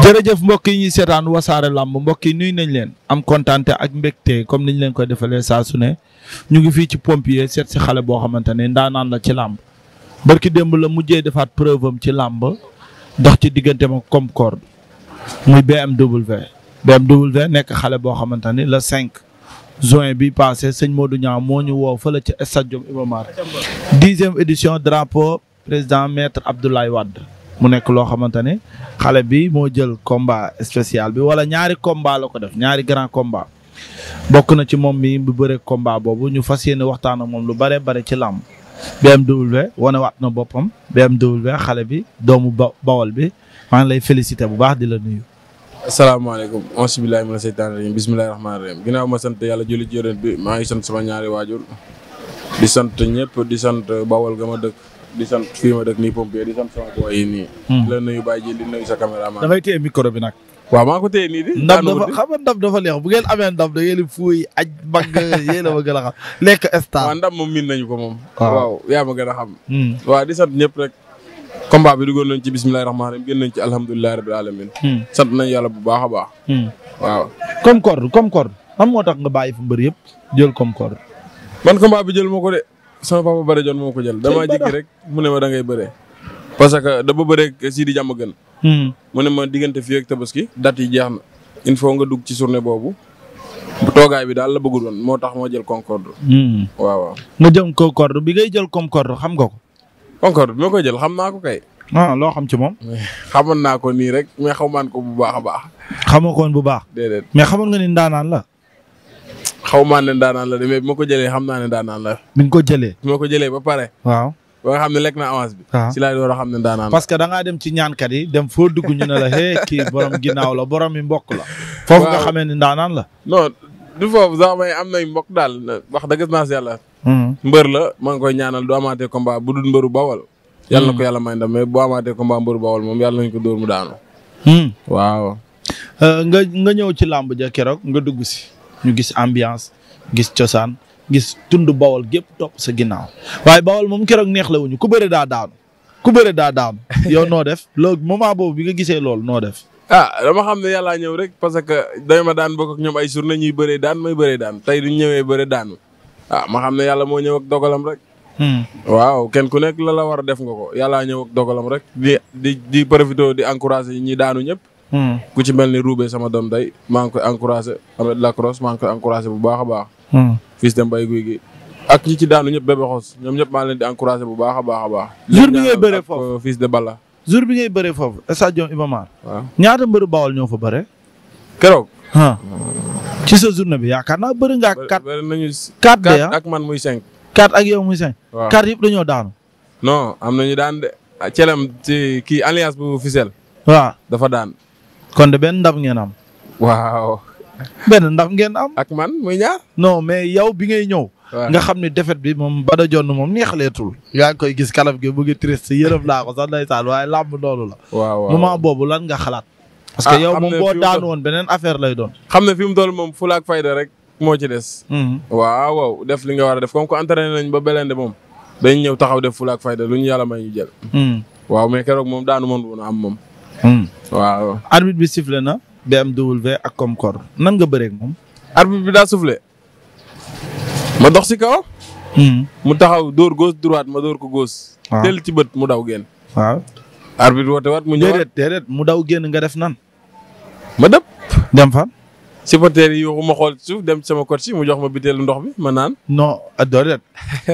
jërëjëf mbokk yi ñu seetaan wasaare làmb mbokk yi nuyu nañ leen am kontaan ak mbégte comme niñ leen koy defalee saa su ne ñu ngi fii ci pompier seet si xale boo xamante ne ndaanaan la ci làmb barki démb la mujjee defaat preuve am ci làmb dox ci diggante ma Concorde muy BMW BMW nekk xale boo xamante ni la 5 juin bi passé sëñ Modou Niang moo ñu woo fële ci stade Iba Mar dixième édition drapeau président maître Abdoulaye Wade mu nekk loo xamante ne xale bi moo jël combat spécial bi wala ñaari combat la ko def ñaari grand komba bokk na ci moom mi bu bëre combat boobu ñu fas yéene waxtaan a moom lu bare bare ci làmb BMW wane waat na boppam be xale bi doomu ba bawol bi maa ngi lay félicité bu baax di la nuyu asalaamaaleykum ansi bilahi mina seytaan rahim bisimilahi rahmaani rahim ginnaaw ma sant yàlla julli ci bi maa ngi sant sama ñaari waajur di sant ñëpp di sant di sant fii ma nii pompier di sant sama boy yi nii. Hmm. la nuyu Baye Jili di nuyu sa caméraman. dafay téye micro bi nag. waaw maa ko téye nii di. ndam dafa xam nga ndam dafa neex bu da ngeen di fuuy aj mag yéen a ma gën a xam lekk star. waaw ndam moom miin nañu ko moom. waaw yaa ma gën a xam. Hmm. waaw di sant ñëpp rek. combat bi duggoon nañ ci bismillahi rahmaani rahim génn nañ ci alhamdulillahi rabbil alamin hmm. sant nañu yàlla bu baax a baax. waaw. comme corde comme corde xam moo tax nga bàyyi fu mbër sama papa Bada Dione moo ko jël damaa jikki rek mu ne ma da ngay parce que da ba bëree si di jàmm gën. mu ne ma diggante fii ak tabaski date yi jeex na il faut nga dugg ci journée boobu. toogaay bi daal la bëggul woon moo tax moo jël concorde. Hmm. waaw waaw. nga jëm concorde bi ngay jël concorde xam nga ko. concorde bi ma koy jël xam naa ko kay. ah loo xam ci moom. xamoon naa ko nii rek mais xamaan ko bu baax a baax. xamoo ko woon bu baax. déedéet mais xamoon nga ni ndaanaan la. xaw maa ne daanaan la de mais bi ma ko jëlee xam naa ne daanaan la. bi ko jëlee. bi ma ko jëlee ba pare. waaw ba xam ne lekk na avance bi. waaw ah. si laa door a xam ne daanaan la. parce que da ngaa dem ci ñaankat yi dem foo dugg ñu ne la hey kii borom ginnaaw la borom mi mbokk la. foofu nga xamee ne daanaan la. non du foofu sax may am nay mbokk daal wax dëgg naa si yàlla. Hmm. mbër la maa ngi koy ñaanal du amaatee combat bu dul mbëru bawal. yàlla na hmm. ko yàlla may ndam mais bu amaatee combat mbëru moom yàlla ko dóor mu daanu. Hmm. waaw. Euh, nga nga ñëw ci làmb ja keroog nga dugg si ñu gis ambiance gis cosaan gis tund bawol gépp topp sa ginnaaw waaye bawol moom keroog neex la ku bëre daa daanu ku bëre daa daanu yow noo def loolu moment boobu bi nga gisee loolu noo def. ah dama xam ne yàllaa ñëw rek parce que day ma daan bokk ñoom ay journée ñuy bëree daan may bëree daan tey duñ ñëwee bëre daanu ah ma xam ne yàlla moo ñëw ak dogalam rek. Hmm. waaw kenn ku nekk la la war a def nga ko yàllaa ñëw ak dogalam rek di di di profité di encouragé ñi daanu ñëpp. Hmm. ku ci mel ni Roubé sama doom day maa ngi koy encouragé Ahmed Lacrosse maa ngi koy encouragé bu baax a baax. Hmm. fils de Mbaye Guy ñi ci daanu ñëpp bébé ñoom ñëpp maa leen di encouragé bu baax a baax a baax. jour bi ngay bëree foofu euh, fils de Balla. jour bi ngay bëree foofu stade Iba Mar. ñaata mbëru Bawol ñoo fa bëre. keroog. ci sa journée bi yaakaar na bëri nga ak. quatre bëri nañu quatre de ah? ak man muy cinq. quatre ak yow muy cinq. waaw quatre yëpp dañoo daanu. non am na ñu daan de. Chelem ci kii alliance bu Fissel. waaw dafa daan. kon de benn ndam ngeen am. waaw. benn ndam ngeen am. ak man muy ñaar. non mais yow bi ngay ñëw. nga xam ne defet bi moom Bada Jonn moom neexleetul. yaa ngi koy gis kalaf gi mu ngi triste yërëm laa ko sax ndeysaan waaye làmb doolu la. waaw ma boobu lan nga xalaat. parce que ah, yow moom boo daan woon beneen affaire lay doon. xam ne fi mu doon moom fulaak fayda rek moo ci des. Mm-hmm. waaw def li nga war a def comme que entraîné nañ ba belende moom. dañ ñëw taxaw def fulaak fayda lu ñu yàlla may ñu jël. Mm-hmm. waaw mais keroog moom daanu moon woon am moom. Hmm. waaw. arbitre bi sifflé na BMW ak Comcor nan nga bëree ak moom. arbitre bi daa soufflé ma dox si kaw. Hmm. mu taxaw dóor gauche droite ma dóor ko gauche. waaw ah. teel ci bët mu daw génn. waaw. Ah. arbitre woote waat mu ñëwaat déedéet déedéet mu daw génn nga def nan. ma dëpp. dem fan. si supporters yi ma xool suuf dem ci sama coach si mu jox ma biteelu ndox bi ma naan. non ah, doole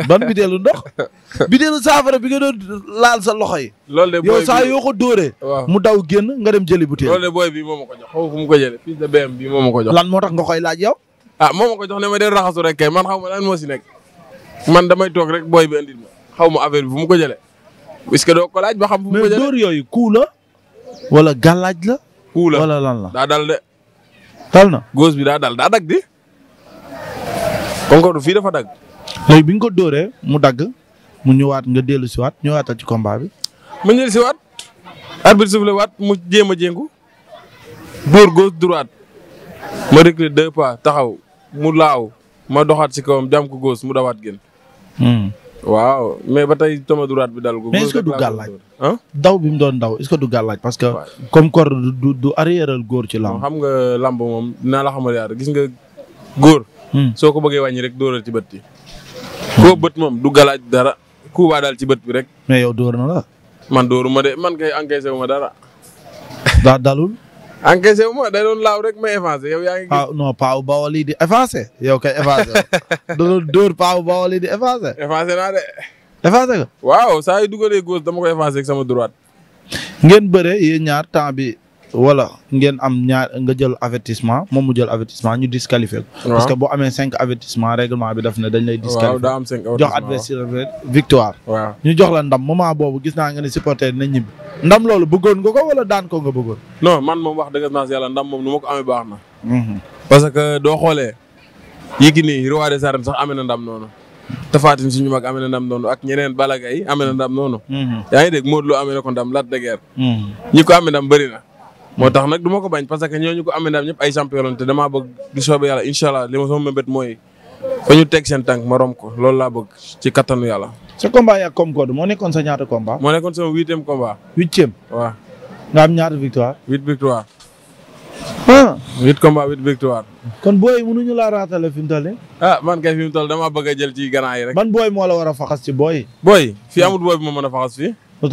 ban biteelu ndox biteelu saafara bi nga doon laal sa loxo yi. loolu de booy yow yoo ko dóoree. mu daw génn nga dem jëli butéel. booy bi moo ma ko jox xaw fu mu ko jëlee fils bi moo ko jox. lan moo tax nga koy laaj yaw ah moo ma ko jox ne ma dee raxasu rek kay man xaw ma laan moo si nekk man damay toog rek booy bi andil ma xaw ma affaire bi fu mu ko jëlee. est-ce que doo ko laaj ba xam fu mu ko jëlee mais dóor yooyu kuu la wala gàllaaj la. kuu la dal na gauche bi daa dal daa dagg di. Concorde fii dafa dagg. léegi bi nga ko dóoree mu dagg mu ñëwaat nga dellu si waat ñëwaatal ci combat bi. ma ñëw si waat. arbitre soufflé waat mu jéem a jéngu. dóor gauche droite. ma reculer deux pas taxaw mu laaw ma doxaat si kawam jàmm ko gauche mu dawaat génn. Hmm. waaw mais ba tey toma duraat bi dal ko. mais est-ce que du gàllaaj daw bi mu doon daw est-ce que du gàllaaj parce que. comme corps du du arrièreal góor ci lamb. xam nga lamb moom dinaa la xamal yaar gis nga góor. Hmm. soo ko bëggee wàññi rek dóoral ci bët bi koo bët moom du gàllaaj dara ku baa daal ci bët bi rek. mais yow dóor na la. man dóoru ma de man kay encaissé wu ma dara. daa dalul. encaissé wu ma da doon laaw rek ma avancé yow yaa ngi. ah non Paaw Bawol yi di avancé yow kay avancé da doon dóor Paaw Bawol yi di avancé. avancé naa waaw saa yu dugalee gauche dama koy avancé ak sama droite. ngeen bëre yéen ñaar temps bi wala ngeen am ñaar nga jël avertissement moom mu jël avertissement ñu disqualifié ko. parce que boo amee cinq avertissement règlement bi daf na dañ lay. disqualifié daa am cinq jox adversaire victoire. ñu jox la ndam moment boobu gis naa nga ne supporter na ñibbi. ndam loolu bëggoon nga ko wala daan ko nga bëggoon. non man moom wax dëgg naa si yàlla ndam moom nu ma amee na. Mhm. que doo xoolee. Yékini roi des arènes sax amee na ndam noonu. Tapha Tine ñu mag amee na ndam noonu ak ñeneen bala Gaye amee na ndam noonu. Mhm. yaa ngi dégg Modou Lo amee na ko ndam Lac de Guiers. Mhm. ñi ko amee ndam bëri na moo tax nag du ma ko bañ parce que ñooñu ko amee ndam ñëpp ay champion lañ te damaa bëgg di soobee yàlla incha allah li ma sama mooy fa ñu teg seen tànk ma ko loolu laa bëgg ci kattanu yàlla. sa combat yaa kom code moo nekkoon sa ñaata combat. moo nekkoon sama huitième combat. huitième waaw. nga am ñaata victoire. huit victoire. ah. huit combat huit victoire. kon booy yi mënuñu laa raatale fi mu toll ah man kay fi mu toll damaa bëgg a jël ci gannaaw yi rek. man booy moo la war a faxas ci booy. booy fii amul booy bi ma mën a faxas fii. lu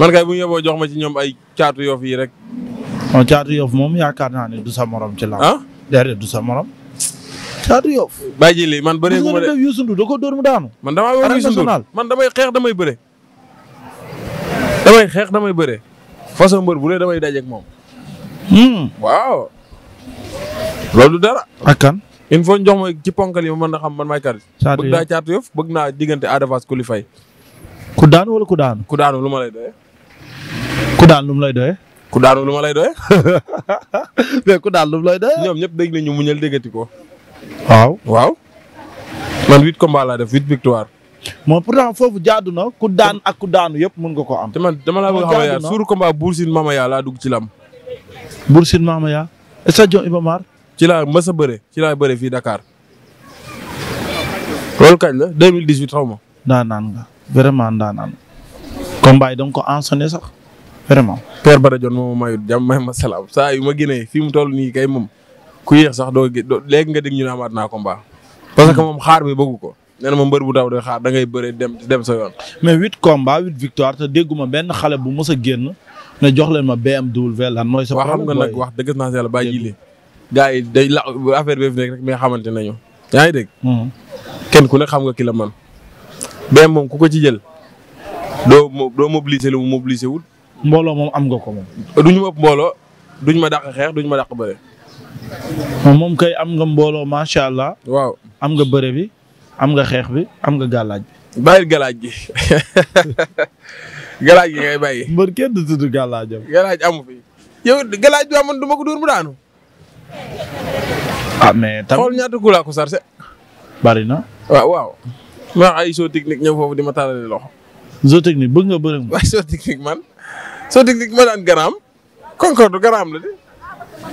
man kay bu ñu yeboo jox ma ci ñoom ay caatu yoof yi rek. non caatu yoof moom yaakaar naa ne du sa morom ci làmb. ah du sa morom. caatu man bëree gu ma de ko dóor mu daanu. man damaa wër Youssou man damay xeex damay bëre. damay xeex damay bëre. façon mbër bu dee damay dajeeg moom. Hmm. waaw. loolu dara. ak kan. il jox ma ci ponkal ma mën na xam man maay kar caatu yoof bëgg naa caatu yoof bëgg naa diggante Ada Fass ku li fay. ku daanu wala ku daanu. lu ma lay doyee. ku daan lu lay doyee. ku daanu lu ma daan lu lay doyee. ñoom ñëpp dégg nañu muñal ko. waaw waaw. man huit combats laa def huit victoire. moom pourtant foofu jaadu ku daan ak ku daanu yëpp mën nga ko am. te man dama la bëgg a xam ne suur combat Boursine laa dugg ci lam. Boursine Mamaya. stade Iba Mar. ci laa mës a bëre ci laa bëre fii Dakar. loolu kañ la 2018 xaw daan naan nga vraiment daan naan. da ko ensonné sax. vraiment. Père Badajon moom mayut jàmm may ma salaam saa yu ma génnee fi mu toll nii kay moom ku yéex sax doo léegi nga dégg ñu ne amaat naa combat parce que moom xaar bi bëggu ko. nee ma mbër bu daw de xaar da ngay bëre dem dem sa yoon. mais huit combats huit victoire te dégguma benn xale bu mos a génn ne jox leen ma BMW lan mooy. sa problème xam nga nag wax dëgg naa si yàlla bàyyi jiile. la affaire bi nekk rek mais xamante nañu. yaa ngi dégg. Hmm. kenn ku ne xam nga ki la man. mais moom ku ko ci jël doo doo mobiliser lu mu mobiliser wul mbooloo moom am nga ko moom. du ñu mbooloo duñ ma dàq xeex duñu ma dàq bëre. moom kay am nga mbooloo macha allah. waaw am nga bëre bi am nga xeex bi am nga gàllaaj bi. galaaj gi gàllaaj gi ngay bàyyi. mbër kenn du tudd gàllaajam. gàllaaj amu fi yow gàllaaj bi amoon du ma ko dóor mu daanu. ah mais tam xool ñaata ku laa ko sarse. bari na. waaw waaw. ma ay soo technique ñëw foofu di ma tàllale loxo. soo technique bëgg nga bëri. waaw soo technique man. soo technique ma daan garaam concorde garaam la de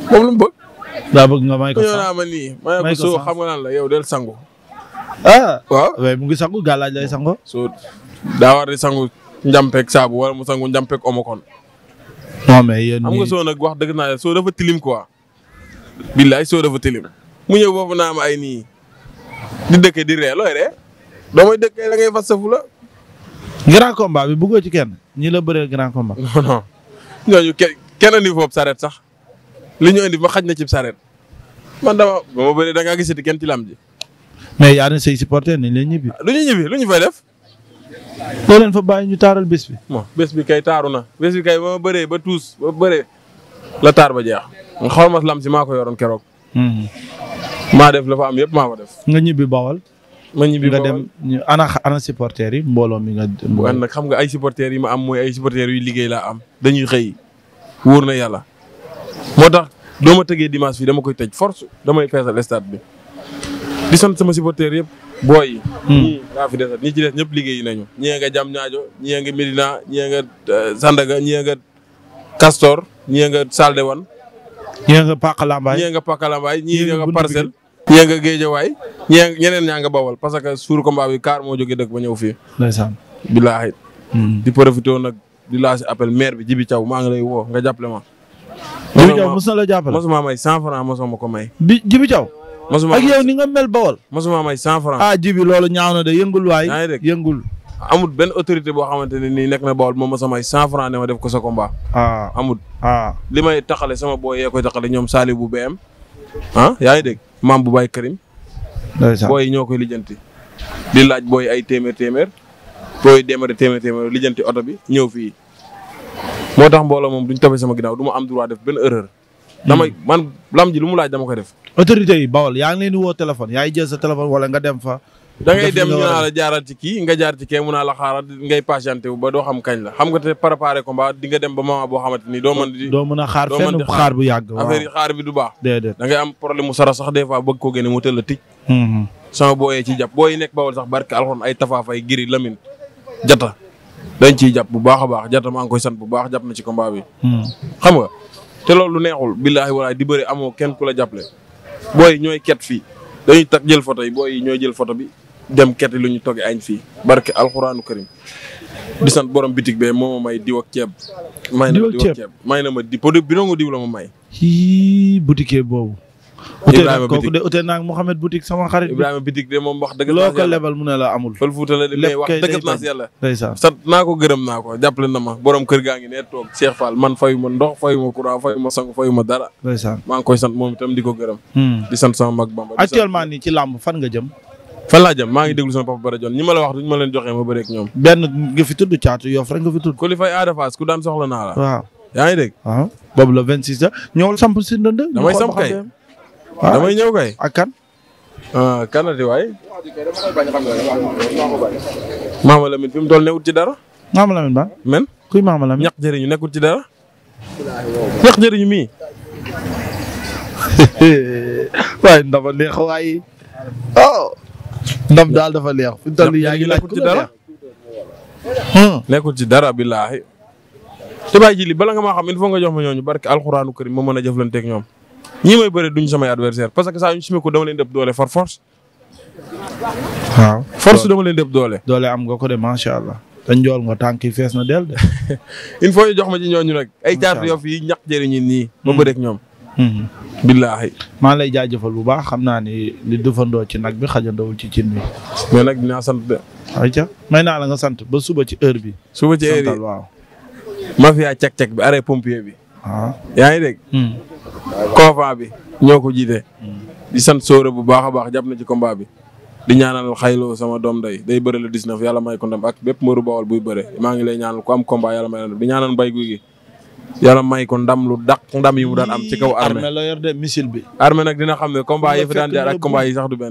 moom lu mu bëgg. daa bëgg nga may ko sax ma nii may ko soo xam nga la yow del sangu. ah waaw mu ngi sangu gàllaaj lay sango soo daa war di sangu njampeeg saabu wala mu sangu njampeeg omo kon. non mais yéen xam nga nag wax dëgg naa soo dafa tilim quoi. billaay soo dafa tilim. mu ñëw foofu naa am ay nii di dëkke di ree looy ree doo may dëkkee da ngay fas safu grand combat bi bëggoo ci kenn ñi la bëree grand combat. non non ñooñu kenn kenn andi foofu sareet sax li ñu indi ma xaj na ci sareet man dama ba ma bëree da ngaa gisati kenn ci lamb ji. mais yaa ne say supporter nañ leen ñibbi. lu ñu ñibbi lu ñu fay def. doo fa bàyyi ñu taaral bés bi. bon bés bi kay taaru na bés bi kay ba ma bëree ba tuus ba bëree la taar ba jeex. xaw ma lam si maa ko yoroon keroog. Hmm. maa def la fa am yëpp maa ko def. nga ñibbi bawal. ma ñibbi nga dem ana ana supporters yi mbooloo mi nga. xam nga ay supporters yi ma am mooy ay supporters yu liggéey laa am dañuy xëy wóor na yàlla moo tax doo ma tëgee dimanche fii dama koy tej force damay feesal stade bi di sant sama supporters yëpp. booy yi. Hmm. ñii laa fi des ñëpp liggéey nañu. ñii nga jam ñaajo ñii nga Medina ñii nga euh, Sandaga ñii nga Castor ñii nga Saldewan. ñii nga Paka Lambaay ñii ñee nga géejawaay waay ñeneen ñaa nga bawal parce que suur combat bi kaar moo jógee dëkk ba ñëw fii. ndeysaan billaahi hmm. di profité nag di lancé appel maire bi Jibi Thiaw maa ngi lay woo nga jàppale ma. Jibi Thiaw mos na la jàppale mosuma may 100 francs mosuma ko may. bi Jibi caw mosuma ak yow ni nga mel bawal. mosuma may 100 ah Jibi loolu ñaaw na de yëngul waay. yëngul. amul benn autorité boo xamante ne nii nekk na bawal moom mos a may 100 ne ma def ko sa combat. ah amul. ah li may taxale sama booy yee koy taxale ñoom Salif bu beem ah yaa ngi dégg maam bu baay Karim. booy yi ñoo koy lijjanti. di laaj booy ay téeméer téeméer booy démarré téeméer téeméer lijjanti oto bi ñëw fii. moo tax mbooloo moom duñ tabe sama ginnaaw du ma am droit def benn erreur. damay hmm. man lam ji lu mu laaj dama koy def. autorité yi Bawol yaa ngi leen woo téléphone yaa ngi jël sa téléphone wala nga dem fa. dangay dem ñu naa la jaaral ci kii nga jaar ci kee mun naa la xaaral ngay patienté wu ba doo xam kañ la xam nga te préparé combat di nga dem ba moment boo xamante ni doo mën di doo mën a xaar fenn xaar bu yàgg affaire yi xaar bi du baax déedéet da ngay am problème mu sara sax des fois bëgg koo génne mu tëll a tij mm-hmm. sama booyee ciy jàpp booyi nekk bawol sax barke alxoon ay tafaaf ay giri lamin jata dañ ciy jàpp bu baax a baax jata maa ngi koy sant bu baax jàpp na ci combat bi mm-hmm. xam nga te loolu neexul billaahi walaay di bëri amoo kenn ku la jàppale booy ñooy ket fii dañuy tax jël photo yi booy ñooy jël photo bi dem kerti lu ñu toggee añ fii barke alxuraanu karim di sant borom bitig bee moo ma may diw ak ceeb. may na ma diw na ma di produit bi ma may. hii boutique boobu. Ibrahima Bitik kooku de ute naag Mouhamed Bitik sama xarit. Ibrahima Bitik moom wax dëgg loo la la de mais wax dëgg naa si yàlla. ndeysaan sant naa ko gërëm naa ko jàppale na ma borom kër gaa ngi ne toog Cheikh Fall man fayu ma ndox fayu ma courant fayu ma sang fayu ma dara. ndeysaan maa ngi koy sant moom itam di ko gërëm. Hmm. di sant sama mag Bamba. actuellement nii ci làmb fan nga jëm. fan laa jëm maa ngi déglu sama papa Bada Dione ñi ma la wax duñ ma leen joxee ma bëre ñoom. benn nga fi tudd caatu Yoff rek nga fi tudd. ku li fay Ada Fass ku daan soxla naa la. waaw yaa ngi dégg. waaw ah. boobu la 26 la ñëwal samp si ndënd. damay samp kay ah. damay ñëw kay. ak kan. Ah, kan la di waay. Maama fi mu toll newut ci dara. Maama Lamine ba men kuy Maama Lamine. ñax jëriñu nekkul ci dara. ñax jëriñu mii. waaye ndama neex waaye oh. ndam daal dafa leer fi yaa ngi laaj ci dara nekkul hmm. ci dara billaahi te bàyyi jili bala nga maa xam il faut nga jox ma ñooñu barke alxuraanu karim ma mën a jëflanteeg ñoom ñii may bëre duñ samay adversaire parce que saa ñu simee ko dama leen dëpp doole far force. waaw dama leen dëpp doole. doole am nga ko de macha allah. te njool nga tànk yi fees na del de. il faut ñu jox ma ci ñooñu rek. ay caatu yof yi ñaq jëriñu nii. ma bareek ñoom. Hmm. billaahi maa lay jaajëfal bu baax xam naa ni li dëfandoo ci nag bi xajandoowul ci cin bi. mais nag dinaa sant de. ayca may naa la nga sant ba suba ci heure bi. suba ci heure yi waaw. mafia càq-càq bi arrêt pompier bi. waaw ah. yaa ngi dégg. COFA hmm. bi ñoo ko jiite. Hmm. di sant sóore bu baax a baax jàpp na ci combat bi. di ñaanal xayloo sama doom day day bëre le 19 may ko ak bépp mbëru Bawol buy bëre maa ngi lay ñaanal ku am combat yàlla may la ndam di ñaanal mbay guy yàlla may ko ndam lu daq ndam yi mu daan am ci kaw armée armée de missile bi armée nag dina xam ne combat yi fi daan jaar ak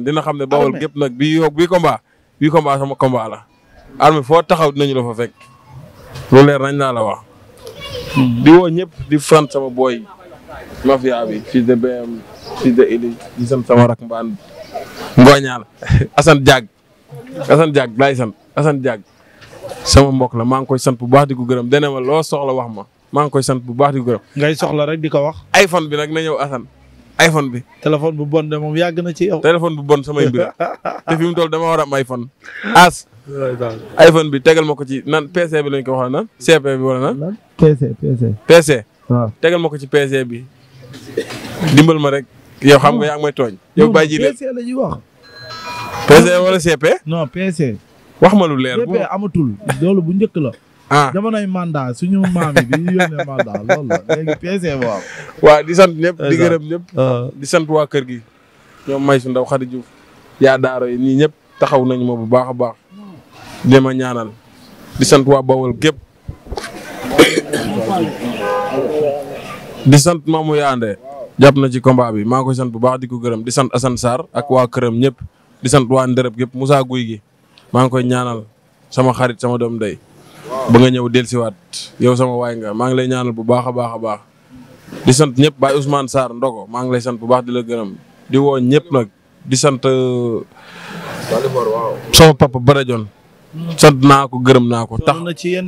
dina xam ne bawol gépp nag bi yoog bi combat bi combat sama combat la armée foo taxaw dinañu la fa fekk lu leer nañ naa la wax hmm. di woo ñëpp di fan sama booy mafia bi fils de BM fils de Ili di sant sama rak mbaan ngooñaal Assane Diag Assane Diag laay sant sama mbokk la maa ngi koy san bu baax di ko gërëm dene ma loo soxla wax ma maa ngi koy sant bu baax di gërëm. ngay soxla rek di ko wax. iPhone bi nag na ñëw Assane iPhone bi. téléphone bu bon de moom yàgg na ci yow. bu bon samay mbir te fi mu toll dama war a am iPhone as. iPhone bi tegal ma ko ci nan PC bi lañ ko waxoon nan. bi wala nan. PC tegal ma ko ci PC bi dimbal ma rek yow xam nga yaa ngi may tooñ. yow bàyyi ji PC la ñuy wax. PC wala wax ma lu leer bu amatul loolu bu njëkk la. ah jamonoy mandat suñu maam di sant ñëpp di ñépp ah. di sant waa kër gi. ñoom may su ndaw Khady Diouf yaa daaro yi ñii ñëpp taxaw nañu ma bu baax a baax. di ma ñaanal. di sant waa Bawol gépp di sant mu Yande jàpp na ci combat bi maa ngi koy sant bu baax di ko gërëm di sant Assane saar ak waa këram ñëpp. di sant waa Ndërëb gépp Moussa Guy gi maa ngi koy ñaanal sama xarit sama doom day ba nga ñëw dellusiwaat yow sama waay nga maa ngi lay ñaanal bu baax a baax a baax di sant ñëpp Baye usmaan saar ndogo maa ngi lay sant bu baax di la gërëm di woo ñëpp nag di sant euh, sama papa Badajon sant naa ko gërëm naa ko tax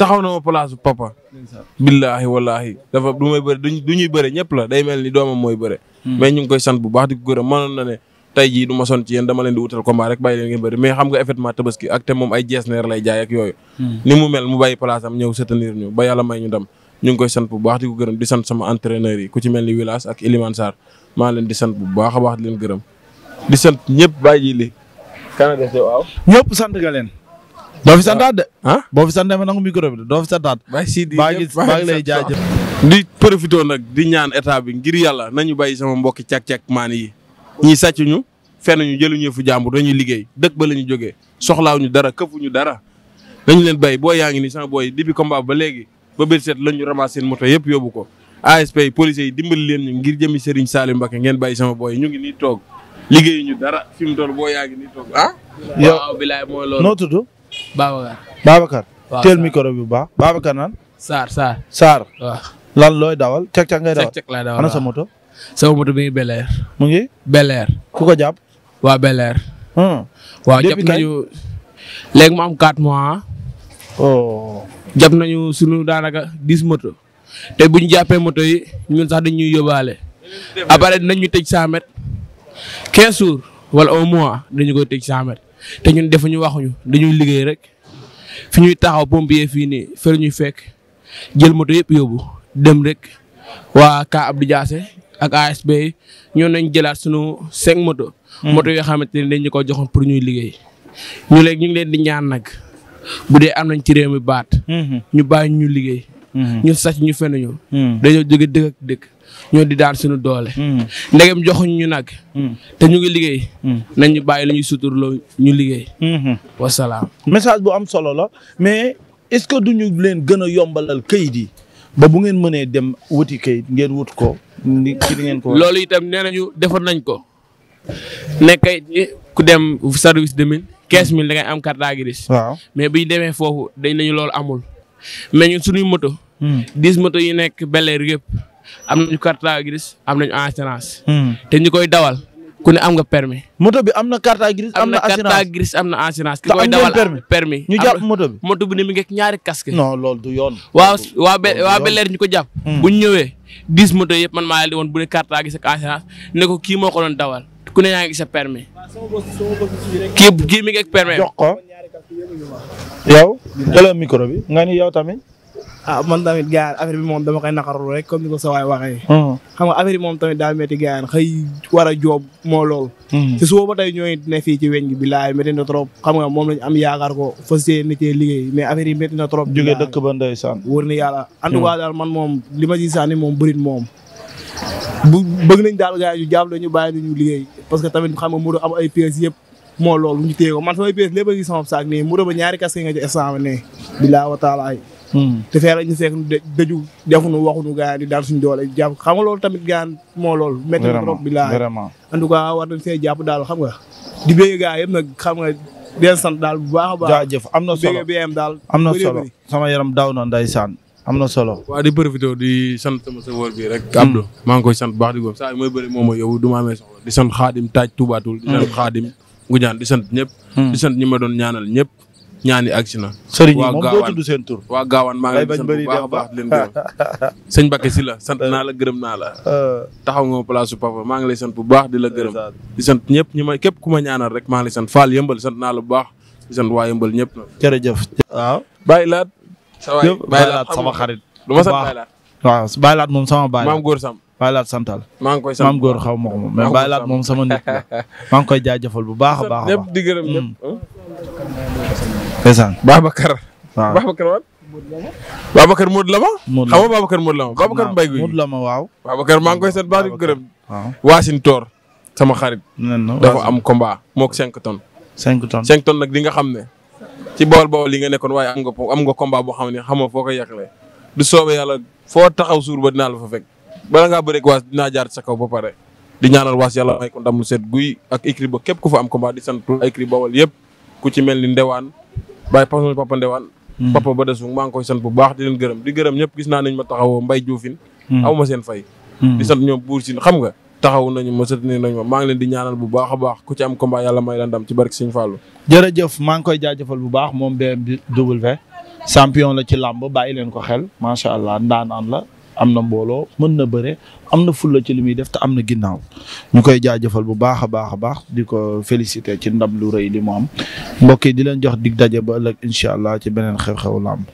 taxaw na ma place papa billaahi walaahi dafa du may bëri du ñuy bëri ñëpp la day mel ni doomam mooy bëri hmm. mais ñu ngi koy sant bu baax di ko gërëm mënoon na ne tey jii du ma son ci yéen dama leen di wutal combat rek bàyyi leen ngeen bëri mais xam nga effectivement tabaski ak te moom ay jees neer lay jaay ak yooyu hmm. ni mu mel mu bàyyi place ñëw soutenir ñu ba yàlla may maa leen di sant bu baax a baax leen gërëm di sant ñëpp bàyyi ji li kana sant nga leen doo fi santaat de boo fi santaat de doo fi santaat di ñaan état bi ngir yàlla nañu bàyyi sama mbokki càk-càk maan yi ñi sàcc ñu fenn ñu jëluñu fu jàmbur dañuy liggéey dëkk ba la ñu jógee ñu dara këfuñu dara dañu leen bay boo yaa ngi nii sama booy depuis combat ba léegi ba biir set lañu ramassé seen moto yëpp yóbbu ko ASP yi policiers yi dimbali leen ñu ngir jëmi Serigne Salim Mbacké ngeen bay sama booy ñu ngi nii toog liggéeyu dara fi mu toll boo yaa ngi nii toog ah. yow noo tudd. Babacar. Babacar. teel micro bi bu baax Babacar naan. Sarr saar Sarr. lan looy dawal cek cek ngay dawal. cek sa moto. sama moto bi ngi Bel Air. mu ngi Bel ku ko jàpp. waa Bel hmm. waaw jàpp nañu léegi mu am mois. oh. nañu sunu daanaka 10 moto te bu ñu jàppee moto yi ñun sax ñuy yóbbaale. après dinañ ñu tëj 100 mètres 15 jours wala un mois dañu koy tëj 100 mètres te ñun defuñu waxuñu dañuy liggéey rek fi ñuy taxaw pompier fii nii fële ñuy fekk jël moto yëpp yobu dem rek waa Ka Abdou Diassé ak ASP ñoo nañ jëlaat sunu cinq moto. Hmm. moto yoo xamante ne dañ ñu ko joxoon pour ñuy liggéey. ñu ñu ngi leen di ñaan nag bu dee am nañ ci réew mi baat. Hmm. ñu bàyyi ñu liggéey. Hmm. ñu sàcc ñu fenn ñu. dañoo jóge dëkk dëkk ñoo di daan suñu doole. ndegem joxuñ ñu nag. te ñu ngi liggéey. nañ ñu bàyyi lu ñuy ñu liggéey. wasalaam. message bu am solo la mais est-ce que duñu leen gën a yombalal kayit yi ba bu ngeen mënee dem wuti kayit ngeen wut ko. ci li ngeen ko loolu itam nee nañu defar nañ ko nekkay ku dem service de mine quinze mille da ngay am carte grise mais bi demee foofu dañ nañu loolu amul mais ñun suñuy moto hmm. dix moto yi nekk Bel Air yëpp am nañu carte grise am nañu assurance hmm. te ñu koy dawal ku ne am nga permis. moto bi am na carte grise am na assurance am na am na assurance. ki koy dawal permis ñu jàpp moto bi. moto bi mi ngi ñaari casque. non loolu du yoon. waaw waa be leer ñu ko jàpp. Hmm. bu ñu ñëwee dix moto yëpp man maa leen di woon bu ne carte grise ak ne ko kii moo ko doon dawal ku ne yaa ngi gis kii mi ngi ak ko micro bi nga yow tamit. ah man tamit gars affaire bi moom dama koy naqarlu rek comme ni ko sa waay waxee. Hmm. xam nga affaire bi moom tamit daal métti gars xëy war joob moo loolu. te hmm. suba ba tey ñooy ne fii ci weñ gi bilaay na trop xam nga moom lañ am yaakaar ko fas yéene cee liggéey mais affaire yi métti na trop. jóge dëkk ba ndeysaan. wër na yàlla en hmm. daal man moom li ma ci sànni moom bërit moom. bu bëgg nañ daal gars yi ñu jàppale ñu bàyyi ñu liggéey parce que tamit xam nga mu am ay pièces yëpp. moo loolu ñu téye ko man samay pièces lépp a ngi sama saak nii mu rëbb ñaari casque nga ci instant ne billaahi wa taala hmm. te fee la ñu fekk dëju defuñu waxuñu gaan di daal suñu doole jàpp xam nga loolu tamit gaan moo loolu métti na trop billaahi vraiment en tout cas jàpp daal xam nga di bëgg gaa xam nga den sant daal bu baax a baax jaajëf am na solo BM daal am na solo sama yaram daaw na saan am na solo waa di profité di sant sama sofër bi rek hmm. Abdou maa ngi koy sant baax di ko saa mooy bëri moom mooy yow du ma amee soxla di sant Xaadim Taaj Ngoundiane di sant ñëpp. Hmm. di sant ñi ma doon ñaanal ñëpp. ñaani agsi na. sëriñ moom doo tudd seen tur waa gaawaan maa ngi leen di sant bu baax a baax di leen gërëm. sëñ Bakke si la sant naa la gërëm la. Ah. taxaw nga place lay sant bu baax di la gërëm. di sant ñëpp ñi may képp ku ma ñaanal rek maa ngi lay sant Fall yëmbal sant naa bu baax di sant waa yëmbal ñëpp. jërëjëf. waaw ah. bàyyi laat. sa waay bàyyi laat sama xarit. du ma sant bàyyi laat. waaw bàyyi laat moom sama bàyyi laat maam góor sam Baye Laat santal maa ngi koy sant maam góor xaw ma ko moom mais Baye Laat moom sama nit la maa ngi koy jaajëfal bu baax a baax. ñëpp di gërëm ñëpp. Mm. ndeysaan. Babacar. waaw Babacar wan. Babacar Modou Lama. Modou Lama xam nga Babacar Modou Lama. Babacar Mbaye Guèye Modou Lama waaw. Babacar maa ngi koy sant baax di gërëm. waaw Wasine Toor sama xarit. dafa am combat moog 5 tonnes. 5 tonnes 5 tonnes nag di nga xam ne. ci bool bool yi nga nekkoon waaye am nga am nga combat boo xam ne xam nga foo koy yàqalee. du soobee yàlla foo taxaw suur ba dinaa la fa fekk bala ngaa bëreeg waas dinaa jaar sa kaw ba pare di ñaanal waas yàlla may ko ndam lu set guy ak écrit ba képp ku fa am combat di sant écrit bawal yëpp ku ci mel ni ndewaan bàyyi pasoñ papa ndewaan hmm. papa ba desu maa ngi koy sant bu baax di leen gërëm di gërëm ñëpp gis naa nañ ma taxawoo mbay juufin hmm. amuma seen fay hmm. di sant ñoom buur sin xam nga taxaw nañu ma sët nañu ma maa ngi leen di ñaanal bu baax a baax ku ci am combat yàlla may la ndam ci barke Sëñ jër jërëjëf maa ngi koy jaajëfal bu baax moom BMW champion la ci làmb bàyyi leen ko xel macha allah ndaanaan la am na mbooloo mën na bëre am na fulla ci li muy def te am na ginnaaw ñu koy jaajëfal bu baax a baax a baax di ko féliciter ci ndab lu rëy li moom am mbokk yi di leen jox dig daje ba ëllëg incha allah ci beneen xew-xewu làmb